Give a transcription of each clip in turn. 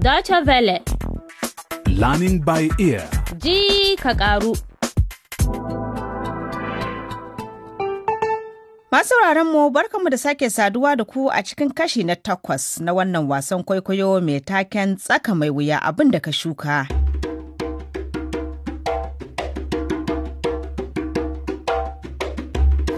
Dacha Vele. Learning by ear. Ji ka ƙaru. Masu mu barkanmu da sake saduwa da ku a cikin kashi na takwas na wannan wasan kwaikwayo mai taken tsaka mai wuya abin da ka shuka.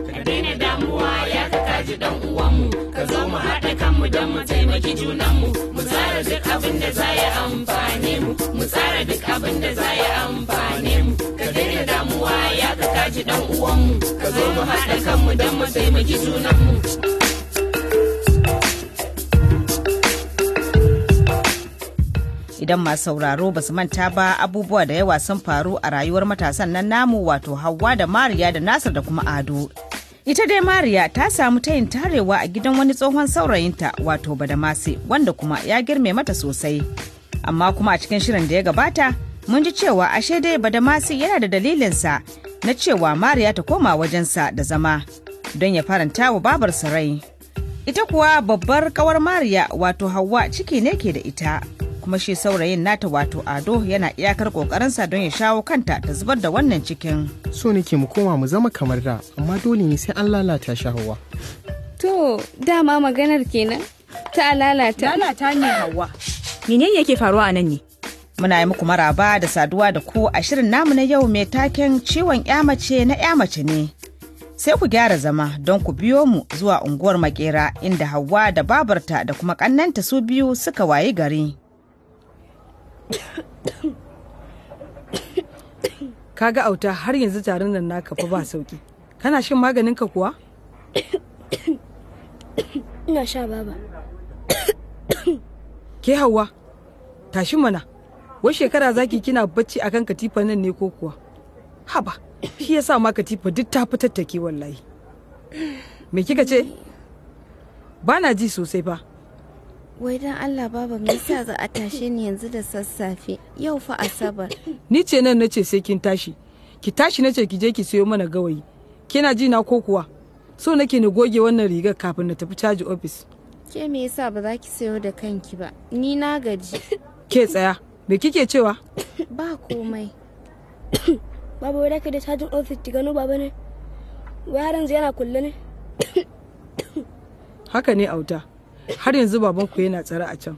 Ka daina damuwa ya ka kaji dan uwanmu. ka zo mu haɗa kanmu don mu taimaki junanmu mu tsara duk abin da za ya amfane mu mu tsara duk abin da za ya amfane mu ka daina damuwa ya ka kaji dan uwanmu ka zo mu haɗa kanmu don mu taimaki junanmu idan masu sauraro ba su manta ba abubuwa da yawa sun faru a rayuwar matasan nan namu wato Hauwa da mariya da nasir da kuma ado ita dai mariya ta samu tayin tarewa a gidan wani tsohon saurayinta wato badamasi wanda kuma ya girme mata sosai amma kuma a cikin shirin da ya gabata mun ji cewa ashe dai badamasi yana da dalilinsa na cewa mariya ta koma wajensa da zama don ya faranta wa babarsa rai ita kuwa babbar kawar mariya wato hawa ciki ne ke da ita kuma shi saurayin nata wato ado yana iyakar kokarinsa don ya shawo kanta ta zubar da wannan cikin so nake mu koma mu zama kamar da amma dole ne sai an lalata shahawa to dama maganar kenan ta lalata lalata ne hawa menene yake faruwa a nan ne muna yi muku maraba da saduwa da ku a shirin namu na yau mai taken ciwon mace na mace ne sai ku gyara zama don ku biyo mu zuwa unguwar makera inda hawa da babarta da kuma kannanta su biyu suka wayi gari kaga auta har yanzu tarin nan naka fa ba sauki kana shan maganin ka kuwa ina sha baba ke hawa tashi mana wai shekara zaki kina bacci akan katifa nan ne ko kuwa haba shi yasa ma katifa duk ta take wallahi me kika ce ba na ji sosai ba. wai dan Allah baba me yasa za a tashe ni yanzu da sassafe yau fa asabar ni ce nan nace sai kin tashi ki tashi nace ki je ki sayo mana gawayi kina ji na ko kuwa so nake ni goge wannan rigar kafin na tafi caji ofis ke me yasa ba za ki sayo da kanki ba ni na gaji ke tsaya me kike cewa ba komai baba wai ka da cajin ofis ki gano baba ne wai har yanzu yana kulle ne haka ne auta har yanzu baban ku yana tsare a can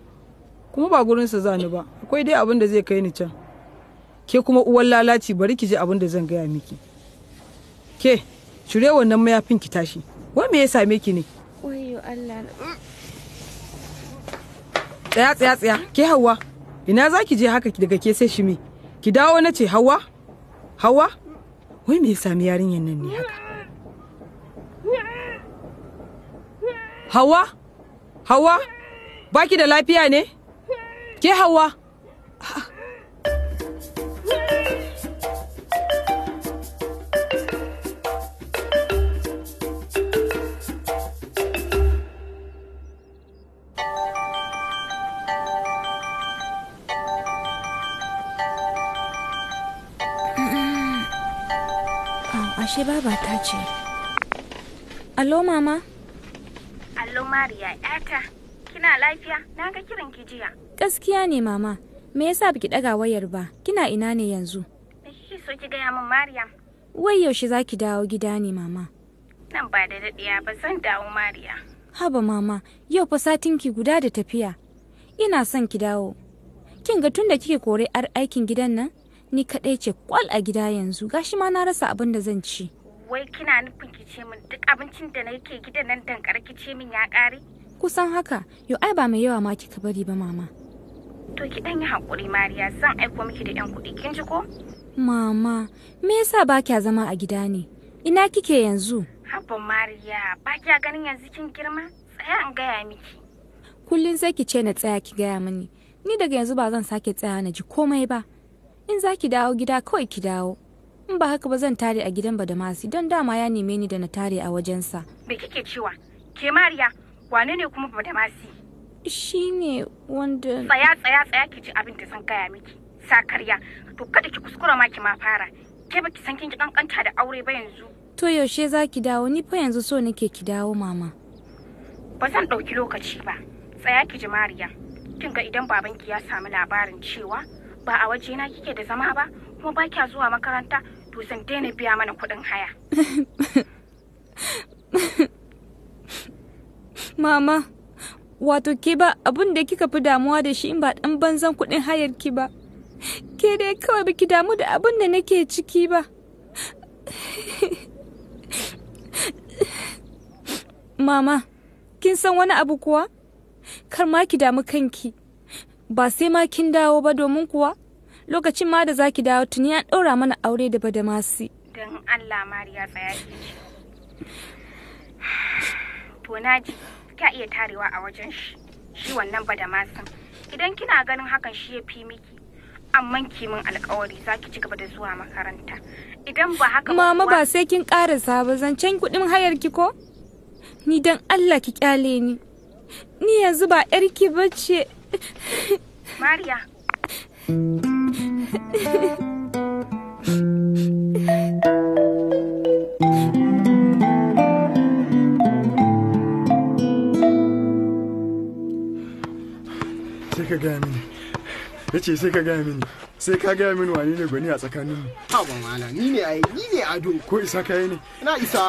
kuma ba gurinsa za ni ba akwai dai abin da zai kai ni can ke kuma uwan lalaci bari ki ji abin da zan gaya miki ke cire wannan mayafin ki tashi wai me ya same ki ne tsaya tsaya tsaya ke hawa ina za ki je haka daga ke sai shimi ki dawo na ce hawa hawa wai me ya sami yarinyar nan ne haka hawa Hawa, baki da lafiya ne? Ke Hawa? Ashe baba ta ce, Alo mama? hello mariya yata kina lafiya na ga kiran ki jiya gaskiya ne mama me yasa biki ɗaga wayar ba kina ina ne yanzu me so ki gaya min mariya wai yaushe za ki dawo gida ne mama nan ba da daɗiya ba zan dawo mariya haba mama yau fa satin ki guda da tafiya ina son ki dawo kin ga tunda kike kore ar aikin gidan nan ni kaɗai ce kwal a gida yanzu gashi ma na rasa abin da zan ci wai kina nufin ki ce min duk abincin da nake gidan nan dankar ki ce min ya kare kusan haka yo ai ba mai yawa ma kika bari ba mama to ki dan yi hakuri mariya zan aiko miki da yan kuɗi kin ji ko mama me yasa ba kya zama a gida ne ina kike yanzu habban mariya ba kya ganin yanzu kin girma tsaya in gaya miki kullum sai ki ce na tsaya ki gaya mini ni daga yanzu ba zan sake tsaya na ji komai ba in za ki dawo gida kawai ki dawo in ba haka ba zan tare a gidan badamasi don dama ya neme ni da na tare a wajensa me kike cewa ke mariya wane ne kuma badamasi shi ne wanda tsaya tsaya tsaya ki ji abin da san kaya miki sakarya to kada ki kuskura ma ki ma fara ke baki san kin ki kankanta da aure ba yanzu to yaushe za ki dawo ni fa yanzu so nake ki dawo mama ba zan ɗauki lokaci ba tsaya ki ji mariya kin ga idan babanki ya samu labarin cewa ba a waje na kike da zama ba kuma ba kya zuwa makaranta to biya mana kuɗin haya. Mama, wato ke ba abin da kika fi damuwa da shi in ba ɗan banzan kuɗin hayar ki ba. Ke dai kawai baki damu da abin da nake ciki ba. Mama, kin san wani abu kuwa? Kar ma ki damu kanki, ba sai ma kin dawo ba domin kuwa? lokacin ma da zaki dawo tuni an ɗora mana aure da badamasi don allah mariya tsaya to na ji ka iya tarewa a wajen shi shi wannan badamasin idan kina ganin hakan shi ya fi miki amman kimin alkawari za ki ci gaba da zuwa makaranta idan ba haka mama ba sai kin karasa ba zancen kuɗin hayar ki ko ni don allah ki kyale ni ni yanzu ba ba bace mariya sai ka gaya mini ya ce sai ka gaya mini sai ka gaya mini wani ne gwani a tsakaninmu ha ba mala ni ne ai ni ne ado ko isa ka yi ne na isa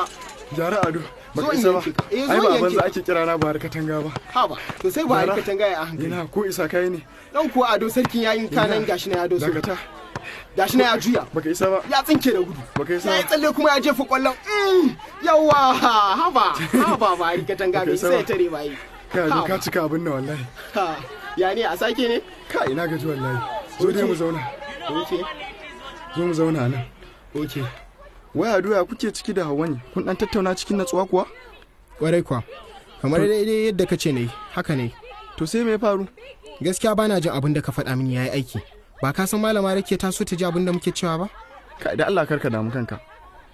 jara ado zuwan yanki eh ai ba banza ake kira na ba har katanga ba ha ba to sai ba har katanga ya a hankali ina ko isa kai ne dan ko ado sarkin yayin kanan gashi na ado sarki gashi na ya juya baka isa ba ya tsinke da gudu baka isa ya tsalle kuma ya jefa kwallon mm, yawa ha ba ha ba ba har katanga bai sai tare ba yi ka ka cika abin nan wallahi ya ne a sake ne ka ina gaji wallahi zo dai mu zauna zo mu zauna nan oke wai a doya kuke ciki da hawa ne kun dan tattauna cikin natsuwa kuwa kwarai kuwa kamar daidai yadda ka ce ne haka ne to sai me faru gaskiya bana jin abin da ka faɗa min yi aiki ba ka san malama rake ta so ta ji abin da muke cewa ba ka da Allah karka damu kanka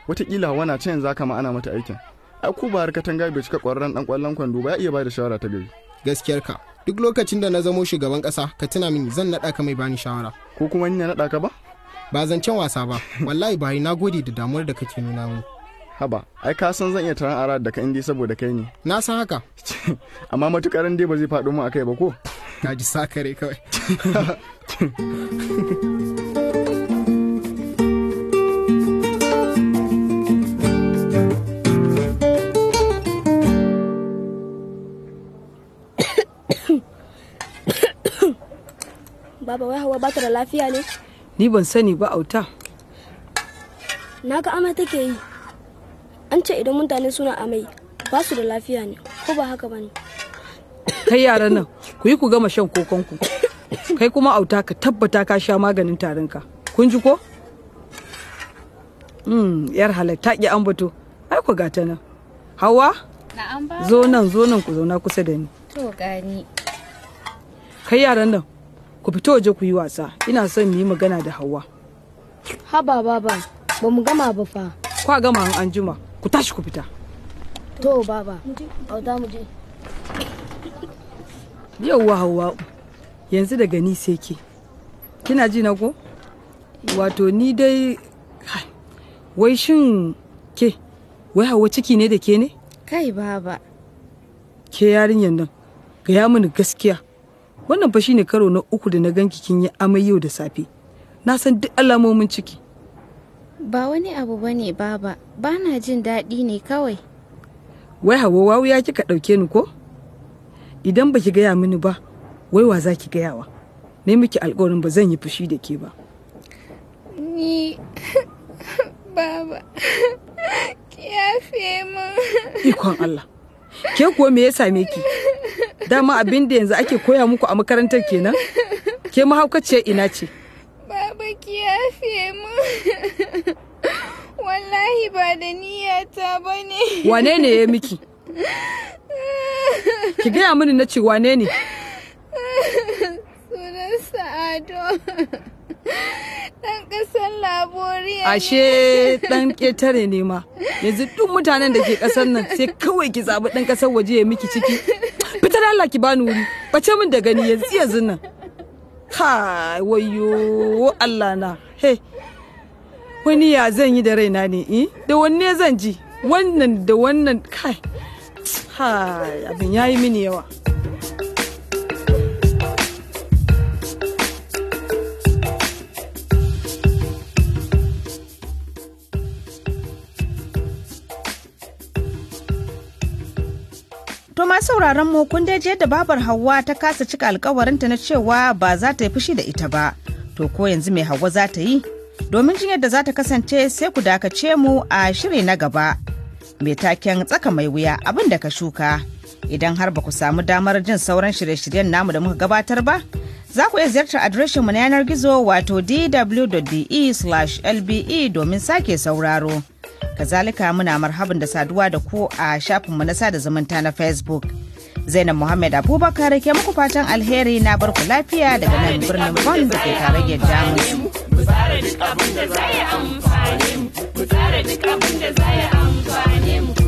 wataƙila hawa na can zaka ma ana mata aikin ai ku ba harkatan bai cika ƙwararren dan ƙwallon kwando ba ya iya bada shawara ta gari gaskiyar ka duk lokacin da na zamo shugaban kasa ka tuna min zan naɗa ka mai bani shawara ko kuma ni na naɗa ka ba ba zancen wasa ba wallahi bari na gode da damuwar da kake nuna mu haba ai ka san zan iya taron ara da ka indi saboda kai ne na san haka amma matukar dai ba zai faɗo mu akai ba ko ka ji sakare kawai Baba wai hawa ba ta da lafiya ne? ni ban sani ba auta na ga amai take yi an ce idan mutane suna amai ba su da lafiya ne ko ba haka ba ne kai yaran nan ku yi ku gama shan kokonku kai kuma auta ka tabbata ka sha maganin tarinka kun ji ko mm, yar halatta ki an bato ai ku gata nan hawa zo nan zo nan ku zauna kusa da ni to gani kai yaran nan ku fito waje ku yi wasa ina son mu yi magana da hawa haba baba ba mu gama ba fa kwa gama an anjima ku tashi ku fita to baba auta mu je yauwa hawa yanzu daga ni sai ke kina ji na ko wato ni dai wai shin ke wai hawa ciki ne da ke ne kai baba ke yarinyar nan gaya mini gaskiya wannan fa shine karo na uku da na ganki kin yi amai yau da safe na san duk alamomin ciki ba wani abu bane baba ba na jin daɗi ne kawai wai hawa wawu ya kika ɗauke ni ko idan ba ki gaya mini ba wai wa za ki gayawa ne miki alkawarin ba zan yi fushi da ke ba ni baba ki yafe min ikon Allah ke kuwa me ya same ki dama abin da yanzu ake koya muku a makarantar kenan ke mahaukaciyar ina ce baba ki yafe mu wallahi ba da niyyata ba ne wane ne ya miki ki gaya mini na ce wane ne sunansa ado dan kasar laboriya ashe ɗan ƙetare ne ma yanzu duk mutanen da ke ƙasar nan sai kawai ki zaɓi ɗan ƙasar waje ya miki ciki fita da Allah ki bani wuri bace min da gani yanzu yanzu nan ha wayo Allah na he wani ya zan yi da raina ne eh da wanne zan ji wannan da wannan kai ha abin yayi mini yawa sauraron mu kun daji yadda babar Hauwa ta kasa cika alkawarinta na cewa ba za ta yi fushi da ita ba. To ko yanzu mai Hauwa za ta yi? Domin jin yadda za ta kasance sai ku dakace mu a shiri na gaba. Mai taken tsaka mai wuya abin da ka shuka. Idan har ba ku samu damar jin sauran shirye-shiryen namu da muka gabatar ba, za ku iya ziyartar mu na yanar gizo wato dw.de/lbe e domin sake sauraro. Kazalika muna marhaban da saduwa da ku a shafinmu na sada zumunta na Facebook. Zainab Muhammad Abubakar ke muku fatan alheri na barku lafiya daga nan birnin Bon da ke tare da Jamus. Mu tsara duk abin da zai amfani mu.